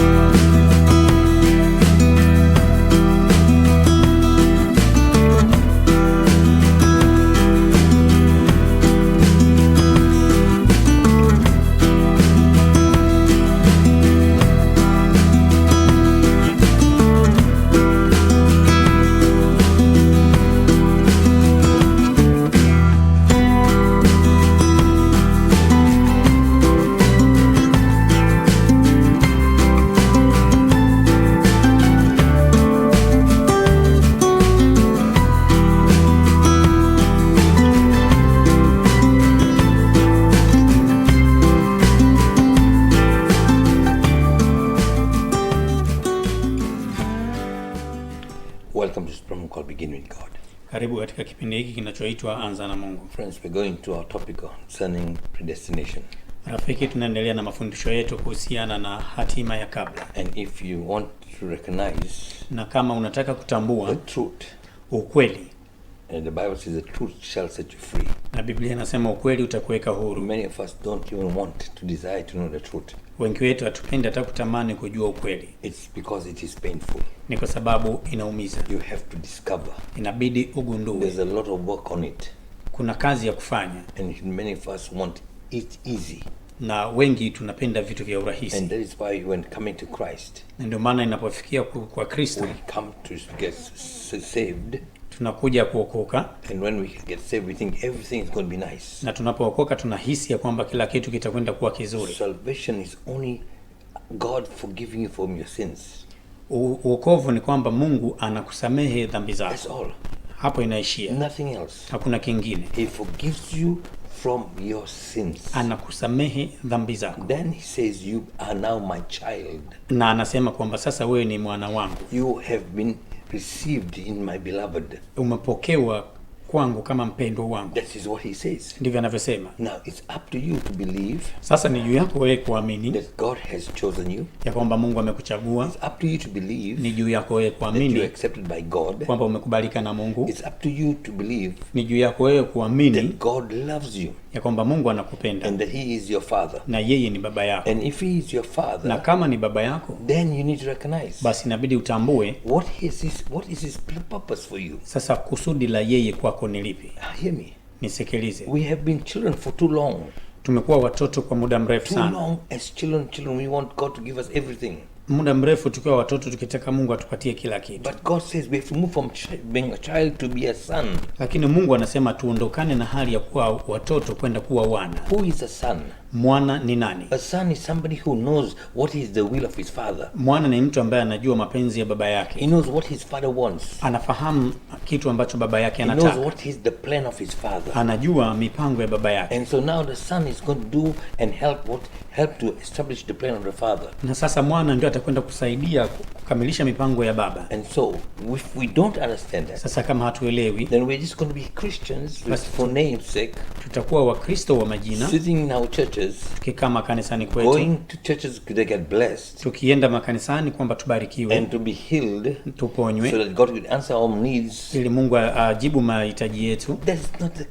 Thank you. Karibu katika kipindi hiki kinachoitwa Anza na Mungu. Friends, we're going to our topic concerning predestination. Rafiki, tunaendelea na mafundisho yetu kuhusiana na hatima ya kabla. And if you want to recognize na kama unataka kutambua the truth, ukweli And uh, the Bible says the truth shall set you free. Na Biblia inasema ukweli utakuweka huru. Many of us don't even want to desire to know the truth wengi wetu hatupendi hata kutamani kujua ukweli. It's because it is painful. Ni kwa sababu inaumiza. You have to discover. Inabidi ugundue. There's a lot of work on it. Kuna kazi ya kufanya. And many of us want it easy. Na wengi tunapenda vitu vya urahisi. And that is why when coming to Christ. Ndio maana inapofikia kwa Kristo. We come to get saved tunakuja kuokoka and when we get saved we think everything is going to be nice, na tunapookoka tunahisi ya kwamba kila kitu kitakwenda kuwa kizuri. Salvation is only God forgiving you from your sins. Uokovu ni kwamba Mungu anakusamehe dhambi zako. That's all. Hapo inaishia. Nothing else. Hakuna kingine. He forgives you from your sins. Anakusamehe dhambi zako. Then he says you are now my child. Na anasema kwamba sasa wewe ni mwana wangu. You have been received in my beloved, umepokewa kwangu kama mpendo wangu. That is what he says. Ndivyo anavyosema. Now it's up to you to believe. Sasa ni juu yako wewe kuamini. That God has chosen you. Ya kwamba Mungu amekuchagua. It's up to you to believe. Ni juu yako wewe kuamini. That you accepted by God. Kwamba umekubalika na Mungu. It's up to you to believe. Ni juu yako wewe kuamini. That God loves you ya kwamba Mungu anakupenda and he is your father, na yeye ni baba yako and if he is your father, na kama ni baba yako then you need to recognize, basi inabidi utambue what is his, what is his purpose for you. Sasa kusudi la yeye kwako ni lipi? Ah, hear me, nisikilize. We have been children for too long, tumekuwa watoto kwa muda mrefu sana. Too long as children, children we want God to give us everything muda mrefu tukiwa watoto tukitaka Mungu atupatie kila kitu. But God says we have to move from being a child to be a son. Lakini Mungu anasema tuondokane na hali ya kuwa watoto kwenda kuwa wana. Who is a son? Mwana ni nani? A son is somebody who knows what is the will of his father. Mwana ni mtu ambaye anajua mapenzi ya baba yake. He knows what his father wants. Anafahamu kitu ambacho baba yake anataka. He knows what is the plan of his father. Anajua mipango ya baba yake. And so now the son is going to do and help what help to establish the plan of the father. Na sasa mwana ndio atakwenda kusaidia kukamilisha mipango ya baba. And so if we don't understand that. Sasa kama hatuelewi, then we're just going to be Christians for name's sake. Tutakuwa Wakristo wa majina. Sitting in our church churches, tukikaa makanisani kwetu, going to churches they get blessed, tukienda makanisani kwamba tubarikiwe, and to be healed, tuponywe, so that God answer needs, ili Mungu ajibu mahitaji yetu. That's not the,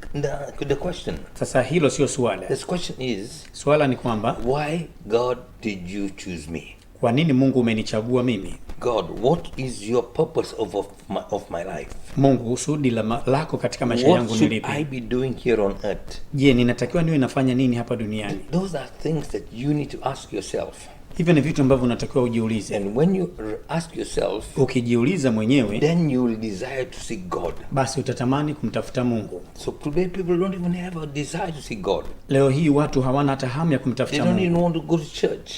the, the question. Sasa hilo sio suala suala question is, ni kwamba why God did you choose me? Kwa nini Mungu umenichagua mimi? God, what is your purpose of, of, my, of my life? Mungu, usudi la lako katika maisha yangu ni lipi? What should I be doing here on earth? Je, ninatakiwa niwe nafanya nini hapa duniani? Those are things that you need to ask yourself. Hivyo ni vitu ambavyo unatakiwa ujiulize. And when you ask yourself, ukijiuliza mwenyewe, then you will desire to see God, basi utatamani kumtafuta Mungu. So today people don't even have a desire to see God. Leo hii watu hawana hata hamu ya kumtafuta Mungu. They don't even want to go to church.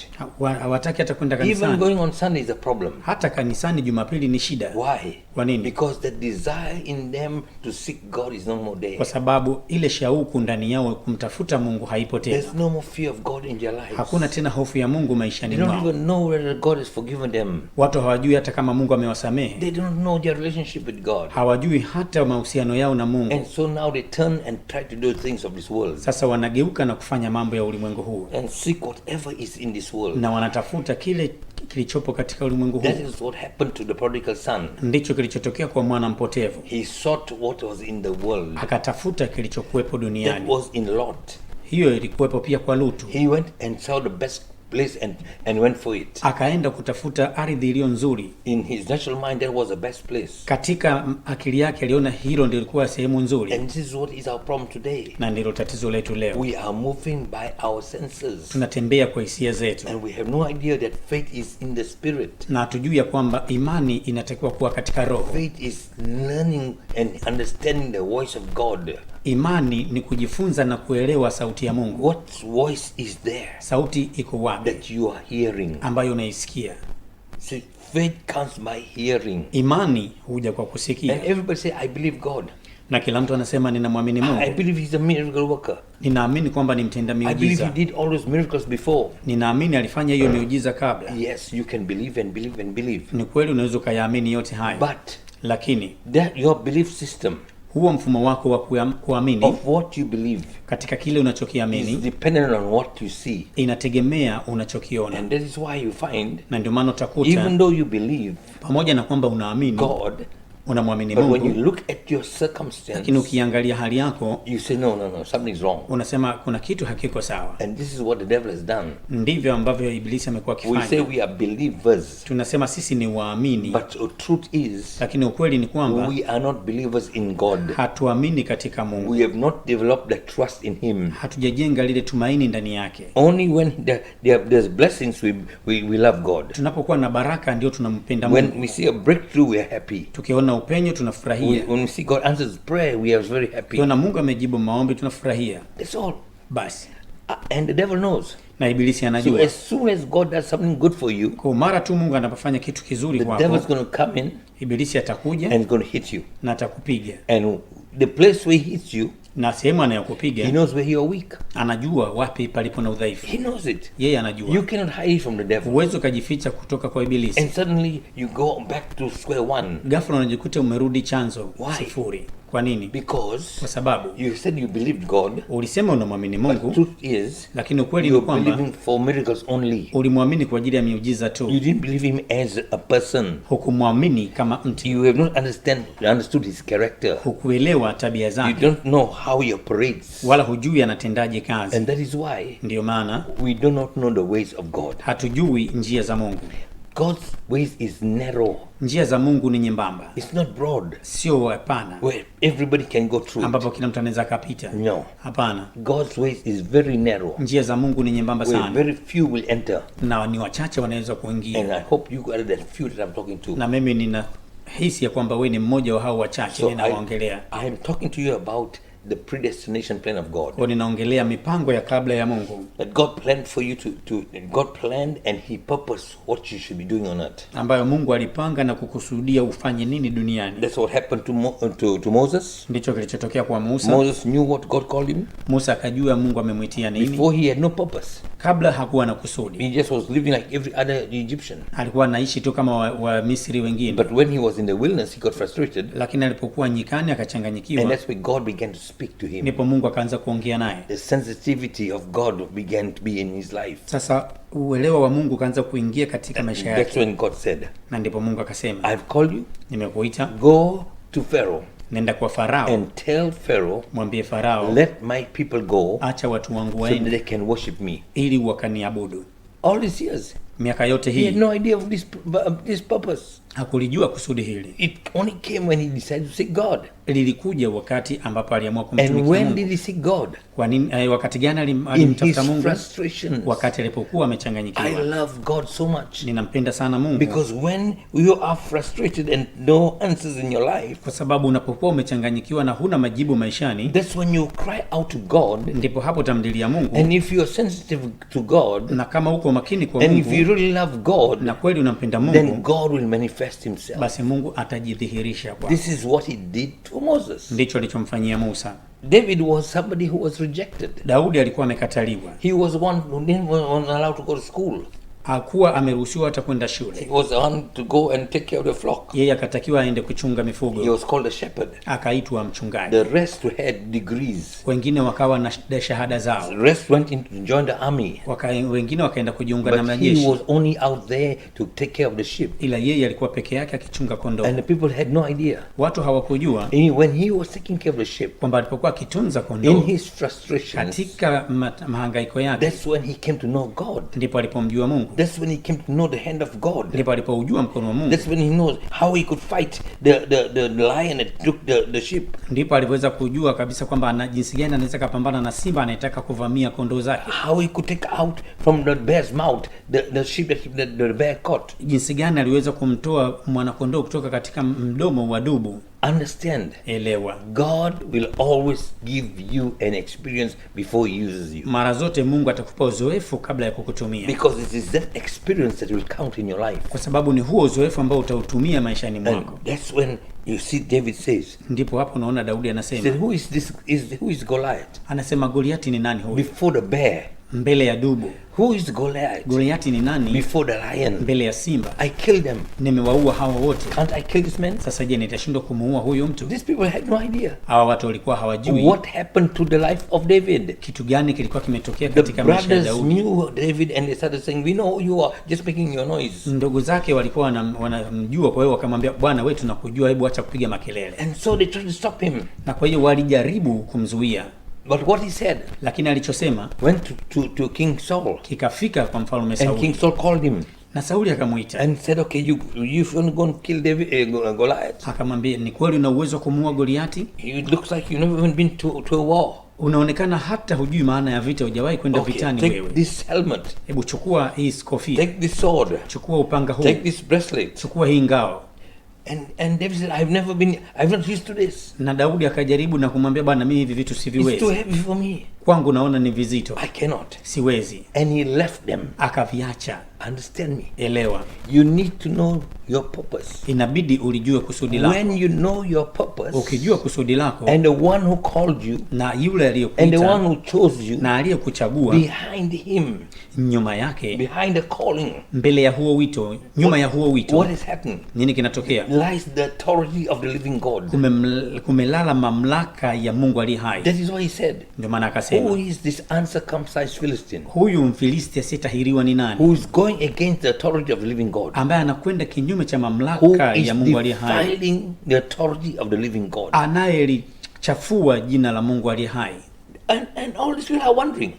Hawataki hata kwenda kanisani. Even going on Sunday is a problem. Hata kanisani Jumapili ni shida. Why? Kwa nini? Because the desire in them to seek God is no more there. Kwa sababu ile shauku ndani yao kumtafuta Mungu haipo tena. There's no more fear of God in their lives. Hakuna tena hofu ya Mungu maisha and they don't wao. even know whether God has forgiven them. Watu hawajui hata kama Mungu amewasamehe. They don't know their relationship with God. Hawajui hata mahusiano yao na Mungu. And so now they turn and try to do things of this world. Sasa wanageuka na kufanya mambo ya ulimwengu huu. And seek whatever is in this world. Na wanatafuta kile kilichopo katika ulimwengu huu. That is what happened to the prodigal son. Ndicho kilichotokea kwa mwana mpotevu. He sought what was in the world. Akatafuta kilichokuwepo duniani. That was in Lot. Hiyo ilikuwepo pia kwa Lutu. He went and saw the best place and, and went for it. Akaenda kutafuta ardhi iliyo nzuri. In his natural mind that was the best place. Katika akili yake aliona hilo ndio ilikuwa sehemu nzuri. And this is what is our problem today. Na ndilo tatizo letu leo. We are moving by our senses. Tunatembea kwa hisia zetu. And we have no idea that faith is in the spirit. Na tujui ya kwamba imani inatakiwa kuwa katika roho. Faith is learning and understanding the voice of God imani ni kujifunza na kuelewa sauti ya Mungu. What voice is there? Sauti iko wapi? That you are hearing. Ambayo unaisikia. faith comes by hearing. Imani huja kwa kusikia. And everybody say I believe God. Na kila mtu anasema ninamwamini Mungu. I believe he's a miracle worker. Ninaamini kwamba ni mtenda miujiza. I believe he did all those miracles before. Ninaamini alifanya hiyo miujiza kabla. Yes, you can believe and believe and believe. Ni kweli unaweza ukayaamini yote hayo. But lakini that your belief system huo mfumo wako wa kuamini of what you believe katika kile unachokiamini is dependent on what you see, inategemea unachokiona. And this is why you find, na ndio maana utakuta even though you believe, pamoja na kwamba unaamini God unamwamini Mungu, lakini ukiangalia hali yako you say, no, no, no, something is wrong. Unasema kuna kitu hakiko sawa. And this is what the devil has done. Ndivyo ambavyo ibilisi amekuwa akifanya. We say we are believers. Tunasema sisi ni waamini. But the truth is, lakini ukweli ni kwamba we are not believers in God. Hatuamini katika Mungu. We have not developed the trust in him. Hatujajenga lile tumaini ndani yake. Only when there there's blessings we, we, we love God. Tunapokuwa na baraka ndio tunampenda Mungu. When we see a breakthrough we are happy. Tukiona upenyo, tunafurahia. When we see God answers prayer, we are very happy. Tuna Mungu amejibu maombi, tunafurahia. That's all. Basi. Ah, and the devil knows. Na ibilisi anajua. So as soon as God does something good for you, kwa mara tu Mungu anapofanya kitu kizuri kwako, the devil is going to come in, ibilisi atakuja and going to hit you, na atakupiga. And the place where he hits you na sehemu anayokupiga. He knows where you are weak. Anajua wapi palipo na udhaifu. He knows it. Yeye anajua. You cannot hide from the devil. Huwezi ukajificha kutoka kwa ibilisi. And suddenly you go back to square one. gafla unajikuta umerudi chanzo sifuri. Kwa nini? Because kwa sababu you said you believed God, ulisema unamwamini Mungu, but truth is, lakini ukweli ni kwamba ulimwamini kwa ajili ya miujiza tu. You didn't believe him as a person, hukumwamini kama mtu. You have not understand, understood his character, hukuelewa tabia zake. You don't know how he operates, wala hujui anatendaje kazi. And that is why, ndiyo maana we do not know the ways of God, hatujui njia za Mungu. God's ways is narrow. Njia za Mungu ni nyembamba. It's not broad. Sio hapana. Where everybody can go through. Ambapo kila mtu anaweza kupita. No. Hapana. God's ways is very narrow. Njia za Mungu ni nyembamba sana. Where very few will enter. Na ni wachache wanaweza kuingia. And I hope you are the few that I'm talking to. Na mimi nina hisi ya kwamba wewe ni mmoja wa hao wachache ninaoongelea. So I am talking to you about the predestination plan of God. Kwa ninaongelea mipango ya kabla ya Mungu. That God planned for you to to God planned and he purposed what you should be doing on earth. Ambayo Mungu alipanga na kukusudia ufanye nini duniani. That's what happened to Mo, to, to Moses. Ndicho kilichotokea kwa Musa. Moses knew what God called him. Musa akajua Mungu amemwitia nini. Before he had no purpose kabla hakuwa na kusudi. He just was living like every other Egyptian. Alikuwa anaishi tu kama wa, wa Misri wengine. But when he was in the wilderness he got frustrated. Lakini alipokuwa nyikani akachanganyikiwa. And that's God began to speak to him. Ndipo Mungu akaanza kuongea naye. The sensitivity of God began to be in his life. Sasa uelewa wa Mungu ukaanza kuingia katika maisha yake. That's when God said. Na ndipo Mungu akasema, I've called you. Nimekuita. Go to Pharaoh. Nenda kwa Farao. And tell Pharaoh, mwambie Farao, let my people go, acha watu wangu waende, so they can worship me, ili wakaniabudu. All these years, miaka yote hii, he had no idea of this, uh, this purpose hakulijua kusudi hili. It only came when he decided to see God. Lilikuja wakati ambapo aliamua kumtumikia Mungu. And when did he see God? Kwa nini uh, wakati gani alimtafuta Mungu? Frustrations. Wakati alipokuwa amechanganyikiwa. I love God so much. Ninampenda sana Mungu. Because when you are frustrated and no answers in your life. Kwa sababu unapokuwa umechanganyikiwa na huna majibu maishani. That's when you cry out to God. Ndipo hapo utamdilia Mungu. And if you are sensitive to God. Na kama uko makini kwa Mungu. And if you really love God. Na kweli unampenda Mungu. Then God will manifest manifest himself. Basi Mungu atajidhihirisha kwa This is what he did to Moses. Ndicho alichomfanyia Musa. David was somebody who was rejected. Daudi alikuwa amekataliwa. He was one who never was allowed to go to school hakuwa ameruhusiwa hata kwenda shule. He was on to go and take care of the flock. Yeye akatakiwa aende kuchunga mifugo. He was called a shepherd. Akaitwa mchungaji. The rest had degrees. Wengine wakawa na shahada zao. The rest went in to join the army. Waka, wengine wakaenda kujiunga na majeshi. He was only out there to take care of the sheep. Ila yeye alikuwa peke yake akichunga kondoo. And the people had no idea. Watu hawakujua. And when he was taking care of the sheep. Kwamba alipokuwa akitunza kondoo. In his frustration. Katika mahangaiko yake. That's when he came to know God. Ndipo alipomjua Mungu. That's when he came to know the hand of God. Ndipo alipoujua mkono wa Mungu. That's when he knows how he could fight the the the lion that took the the sheep. Ndipo alipoweza kujua kabisa kwamba ana jinsi gani anaweza kupambana na simba anayetaka kuvamia kondoo zake. How he could take out from the bear's mouth the the sheep that the, the bear caught. Jinsi gani aliweza kumtoa mwanakondoo kutoka katika mdomo wa dubu. Understand. Elewa. God will always give you an experience before he uses you. Mara zote Mungu atakupa uzoefu kabla ya kukutumia. Because it is that experience that will count in your life. Kwa sababu ni huo uzoefu ambao utautumia maishani mwako. That's when you see David says. Ndipo hapo unaona Daudi anasema. Who is this is who is Goliath? Anasema Goliath ni nani huyo Before the bear mbele ya dubu. Who is Goliath? Goliath ni nani? Before the lion. Mbele ya simba. I killed them. Nimewaua hawa wote. Can't I kill this man? Sasa je, nitashindwa kumuua huyu mtu? These people had no idea. Hawa watu walikuwa hawajui. What happened to the life of David? Kitu gani kilikuwa kimetokea katika maisha ya Daudi? The brothers knew David and they started saying, "We know you are just making your noise." Ndugu zake walikuwa wanamjua, kwa hiyo wakamwambia, "Bwana wewe tunakujua, hebu acha kupiga makelele." And so they tried to stop him. Na kwa hiyo walijaribu kumzuia. But what he said, lakini alichosema went to, to, to King Saul. Kikafika kwa mfalme Saul. And King Saul called him. Na Sauli akamwita. And said okay you you should go and kill David eh, uh, Goliath. Akamwambia ni kweli una uwezo wa kumuua Goliati? It looks like you've never even been to to a war. Unaonekana hata hujui maana ya vita, hujawahi kwenda okay, vitani take wewe. This helmet. Hebu chukua hii kofia. Take this sword. Chukua upanga huu. Take this bracelet. Chukua hii ngao. And, and David said, I've never been, I've not used to this. Na Daudi akajaribu na kumwambia Bwana, mimi hivi vitu siviwezi. It's too heavy for me kwangu naona ni vizito. I cannot. Siwezi. And he left them. Akaviacha. Understand me. Elewa. You need to know your purpose. Inabidi ulijue kusudi lako. When you know your purpose. Ukijua kusudi lako. And the one who called you. Na yule aliyekuita. And the one who chose you. Na aliyekuchagua. Behind him. Nyuma yake. Behind the calling. Mbele ya huo wito, nyuma what, ya huo wito. What is happening? Nini kinatokea? Lies the authority of the living God. Kumelala mamlaka ya Mungu aliye hai. That is why he said. Ndio maana akasema tena. Who is this uncircumcised Philistine? Huyu Mfilisti asiyetahiriwa ni nani? Who is going against the authority of the living God? Ambaye anakwenda kinyume cha mamlaka ya Mungu aliye hai. Who is defiling the authority of the living God? Anayelichafua jina la Mungu aliye hai. And, and all wondering.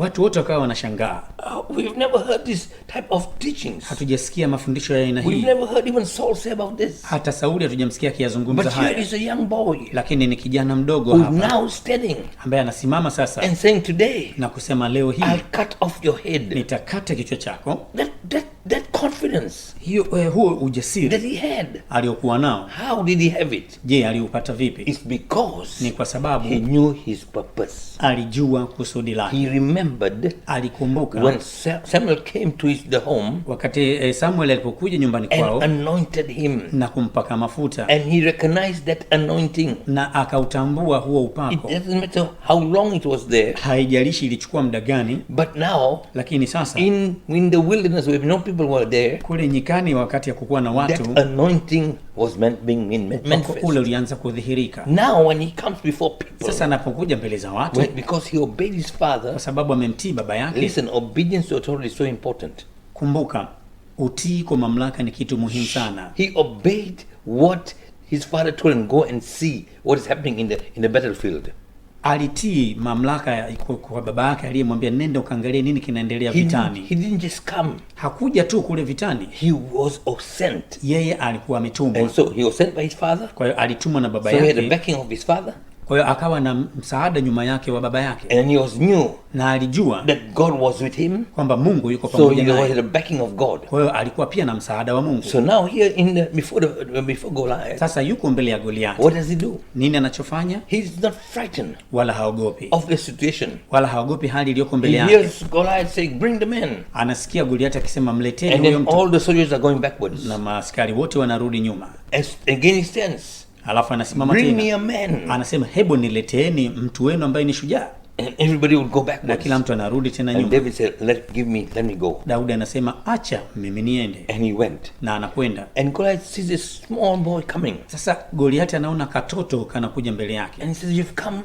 Watu wote wakawa wanashangaa. Uh, we've never heard this type of teachings. Hatujasikia mafundisho ya aina hii. We've never heard even Saul say about this. Hata Sauli hatujamsikia akiyazungumza haya. But here is a young boy. Lakini ni kijana mdogo hapa. Now standing. Ambaye anasimama sasa. And saying today. Na kusema leo hii. I'll cut off your head. Nitakata kichwa chako. That, that, that confidence. Hiyo uh, huo ujasiri. That he had. Aliokuwa nao. How did he have it? Je, aliupata vipi? It's because. Ni kwa sababu. He knew his purpose. Alijua kusudi lake. He remembered remembered alikumbuka when Samuel came to his the home, wakati eh, Samuel alipokuja nyumbani kwao, and anointed him, na kumpaka mafuta, and he recognized that anointing, na akautambua huo upako. It doesn't matter how long it was there, haijalishi ilichukua muda gani, but now, lakini sasa, in in the wilderness where no people were there, kule nyikani, wakati ya kukuwa na watu, that anointing was meant being manifest, ule ulianza kudhihirika. Now when he comes before people, sasa anapokuja mbele za watu, because he obeyed his father, kwa sababu sababu amemtii baba yake. Listen, obedience to authority is so important. Kumbuka, utii kwa mamlaka ni kitu muhimu sana. He obeyed what his father told him, go and see what is happening in the, in the battlefield. Alitii mamlaka kwa baba yake aliyemwambia nenda ukaangalie nini kinaendelea vitani. He didn't just come. Hakuja tu kule vitani. He was sent. Yeye alikuwa ametumwa. And so he was sent by his father. Kwa hiyo alitumwa na baba yake. So he had the backing of his father. Kwa hiyo akawa na msaada nyuma yake wa baba yake. And he was new. na alijua that God was with him. Kwamba Mungu yuko pamoja naye. So he had the backing of God. Kwa hiyo alikuwa pia na msaada wa Mungu. So now here in the, before the, before Goliath. Sasa yuko mbele ya Goliath. What does he do? Nini anachofanya? He is not frightened. Wala haogopi. Of the situation. Wala haogopi hali iliyoko mbele yake. He hears Goliath say bring the men. Anasikia Goliath akisema mleteni huyo mtu. And all the soldiers are going backwards. Na maaskari wote wanarudi nyuma. As again he stands alafu anasimama Bring tena. Me a man. Anasema hebu nileteeni mtu wenu ambaye ni shujaa. everybody would go back. Na kila mtu anarudi tena nyuma. David said, let give me, let me go. Daudi anasema acha mimi niende. And he went. Na anakwenda. And Goliath sees a small boy coming. Sasa Goliath anaona katoto kanakuja mbele yake. And he says you've come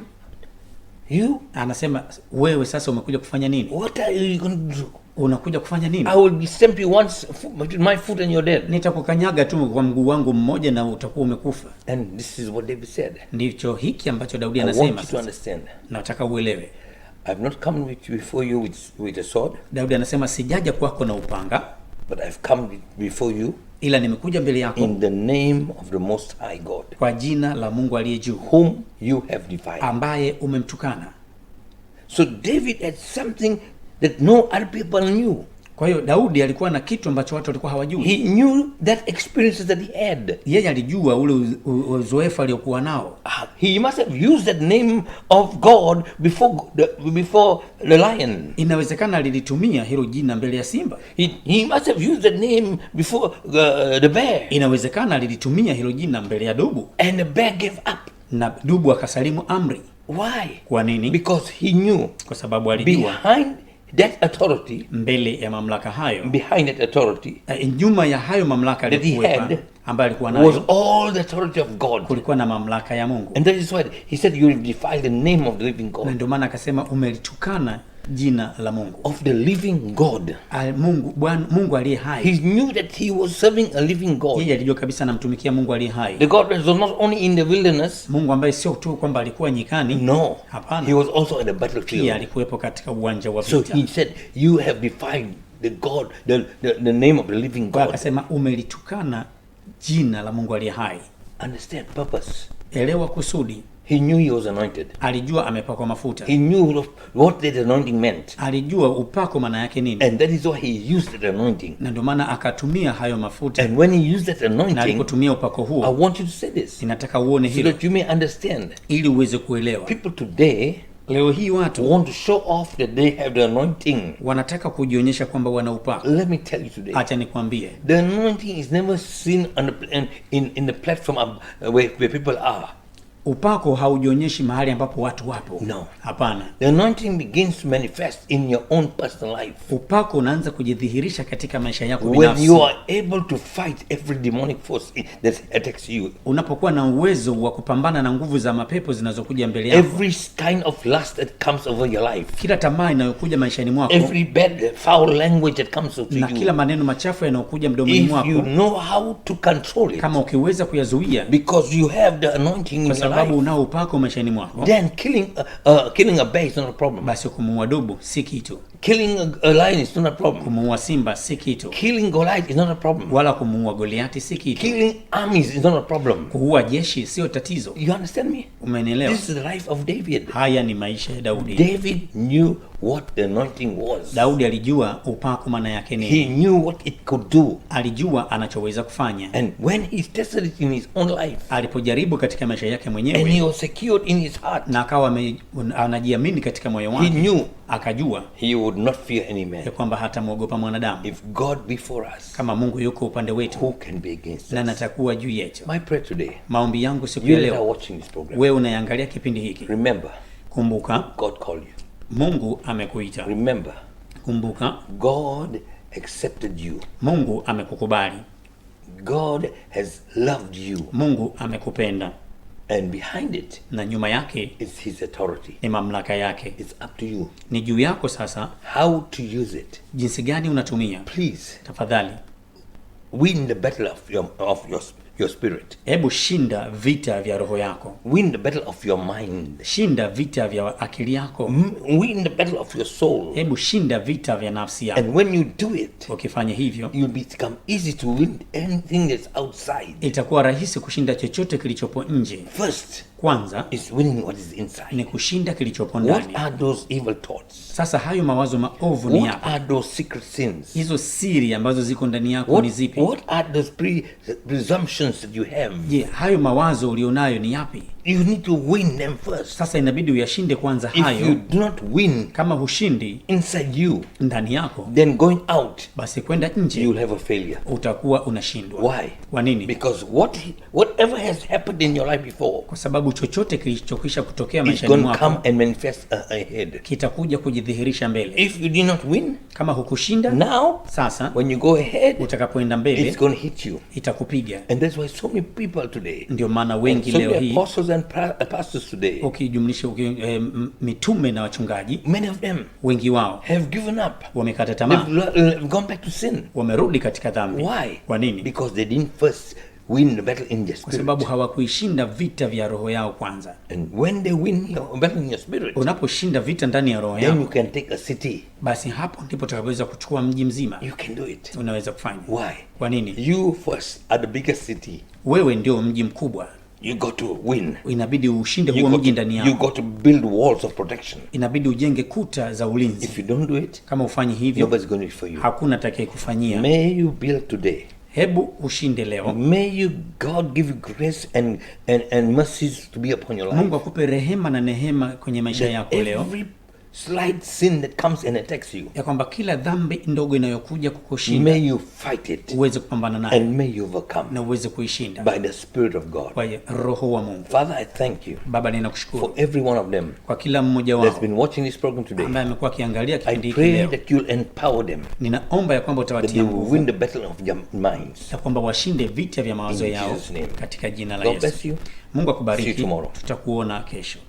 you? Anasema wewe sasa umekuja kufanya nini? What are you going to do? unakuja kufanya nini? I will be stamp you once between my foot and your dead. Nitakukanyaga tu kwa mguu wangu mmoja na utakuwa umekufa. And this is what David said. Ndicho hiki ambacho Daudi anasema. to understand. Nataka uelewe. I have not come with you before you with, with a sword. Daudi anasema sijaja kwako na upanga. But I've come before you ila nimekuja mbele yako in the name of the most high God, kwa jina la Mungu aliye juu, whom you have defied, ambaye umemtukana. So David had something that no other people knew. Kwa hiyo Daudi alikuwa na kitu ambacho watu walikuwa hawajui. He knew that experience that he had. Yeye alijua ule uzoefu aliokuwa nao. Ah, he must have used that name of God before the, before the lion. Inawezekana alilitumia hilo jina mbele ya simba. He, he must have used that name before the, uh, the bear. Inawezekana alilitumia hilo jina mbele ya dubu. And the bear gave up. Na dubu akasalimu amri. Why? Kwa nini? Because he knew. Kwa sababu alijua. Behind that authority mbele ya mamlaka hayo, behind that authority uh, nyuma ya hayo mamlaka ambayo alikuwa nayo was all the authority of God, kulikuwa na mamlaka ya Mungu, and that is why he said you will defile the name of the living God. Ndio maana akasema umelitukana jina la Mungu of the living God. Al Mungu Bwana Mungu aliye hai. He knew that he was serving a living God. Yeye alijua kabisa anamtumikia Mungu aliye hai. The God was not only in the wilderness. Mungu ambaye sio tu kwamba alikuwa nyikani. No. Hapana. He was also in the battlefield. Yeye alikuwepo katika uwanja wa vita. So he said you have defined the God the, the, the name of the living God. Akasema umelitukana jina la Mungu aliye hai. Understand purpose. Elewa kusudi. He knew he was anointed. Alijua amepakwa mafuta. He knew what that anointing meant. Alijua upako maana yake nini? And that is why he used that anointing. Na ndio maana akatumia hayo mafuta. And when he used that anointing, na alipotumia upako huo, I want you to say this. Ninataka uone hilo. So that you may understand. Ili uweze kuelewa. People today Leo hii watu want to show off that they have the anointing, wanataka kujionyesha kwamba wana upako. Let me tell you today, acha nikwambie, the anointing is never seen on the, in, in the platform uh, where, where people are upako haujionyeshi mahali ambapo watu wapo. No, hapana. The anointing begins to manifest in your own personal life. Upako unaanza kujidhihirisha katika maisha yako binafsi. When you are able to fight every demonic force that attacks you, unapokuwa na uwezo wa kupambana na nguvu za mapepo zinazokuja mbele yako. Every kind of lust that comes over your life, kila tamaa inayokuja maishani mwako. Every bad foul language that comes over you, na kila maneno machafu yanayokuja mdomoni mwako. If you know how to control it, kama ukiweza kuyazuia, because you have the anointing in your sababu unao upako maishani mwako, then killing a, uh, uh, killing a bear is not a problem. Basi kumuua dubu si kitu. Killing a, a lion is not a problem. Kumuua simba si kitu. Killing Goliath is not a problem. Wala kumuua Goliati si kitu. Killing armies is not a problem. Kuua jeshi sio tatizo. You understand me? Umenielewa? This is the life of David. Haya ni maisha ya Daudi. David knew what the anointing was. Daudi alijua upako maana yake nini. He knew what it could do. Alijua anachoweza kufanya. And when he tested it in his own life. Alipojaribu katika maisha yake mwenyewe. And he was secured in his heart. Na akawa anajiamini katika moyo wake. He knew akajua he would not fear any man, ya kwamba hata hatamwogopa mwanadamu. If God be for us, kama Mungu yuko upande wetu, who can be against us? Na natakuwa juu yetu. My prayer today, maombi yangu siku ya leo, wewe unaangalia kipindi hiki, remember, kumbuka God call you, Mungu amekuita. Remember, kumbuka God accepted you, Mungu amekukubali. God has loved you, Mungu amekupenda. And behind it, na nyuma yake is his authority. Ni mamlaka yake. It's up to you. Ni juu yako sasa. How to use it. Jinsi gani unatumia. Please. Tafadhali. Win the battle of your, of your your spirit. Hebu shinda vita vya roho yako. Win the battle of your mind. Shinda vita vya akili yako. Win the battle of your soul. Hebu shinda vita vya nafsi yako. And when you do it, ukifanya hivyo, you become easy to win anything that's outside. Itakuwa rahisi kushinda chochote kilichopo nje. First, kwanza is winning what is inside. Ni kushinda kilichopo ndani. What are those evil thoughts? Sasa hayo mawazo maovu ni yapi? What are those secret sins? Hizo siri ambazo ziko ndani yako ni zipi? What are those presumptions that you have? Je, hayo mawazo ulionayo ni yapi? You need to win them first. Sasa inabidi uyashinde kwanza hayo. If you do not win, kama hushindi inside you, ndani yako, then going out, basi kwenda nje, you will have a failure. Utakuwa unashindwa. Why? Kwa nini? Because what whatever has happened in your life before, kwa sababu chochote kilichokisha kutokea maishani mwako come and manifest uh, ahead, kitakuja kujidhihirisha mbele. If you did not win, kama hukushinda, now sasa, when you go ahead, utakapoenda mbele, it's going to hit you, itakupiga. And that's why so many people today, ndio maana wengi so leo hii than uh, pastors today. Ukijumlisha okay, eh, mitume na wachungaji many of them wengi wao have given up, wamekata tamaa, gone back to sin, wamerudi katika dhambi. Why? Kwa nini? Because they didn't first win the battle in the spirit. Kwa sababu hawakuishinda vita vya roho yao kwanza. And when they win the uh, battle in your spirit, unaposhinda vita ndani ya roho yao, then you can take a city. Basi hapo ndipo utakapoweza kuchukua mji mzima. You can do it. Unaweza kufanya. Why? Kwa nini? You first are the biggest city. Wewe ndio mji mkubwa. You got to win. Inabidi ushinde huo mji ndani yako. You got to build walls of protection. Inabidi ujenge kuta za ulinzi. If you don't do it, kama ufanye hivyo, nobody's going to do it for you. Hakuna atakayekufanyia May you build today. Hebu ushinde leo. May you God give you grace and and and mercies to be upon your life. Mungu akupe rehema na nehema kwenye maisha yako leo. Every slight sin that comes and attacks you, ya kwamba kila dhambi ndogo inayokuja kukushinda, may you fight it, uweze kupambana nayo, and may you overcome, na uweze kuishinda by the spirit of God, kwa roho wa Mungu. Father, I thank you, Baba ninakushukuru for every one of them, kwa kila mmoja wao been watching this program today, ambaye amekuwa akiangalia kipindi hiki leo. that empower them, ninaomba ya kwamba utawatia nguvu, win the battle of minds, kwamba washinde vita vya mawazo yao, katika jina la Yesu. Mungu akubariki, tutakuona kesho.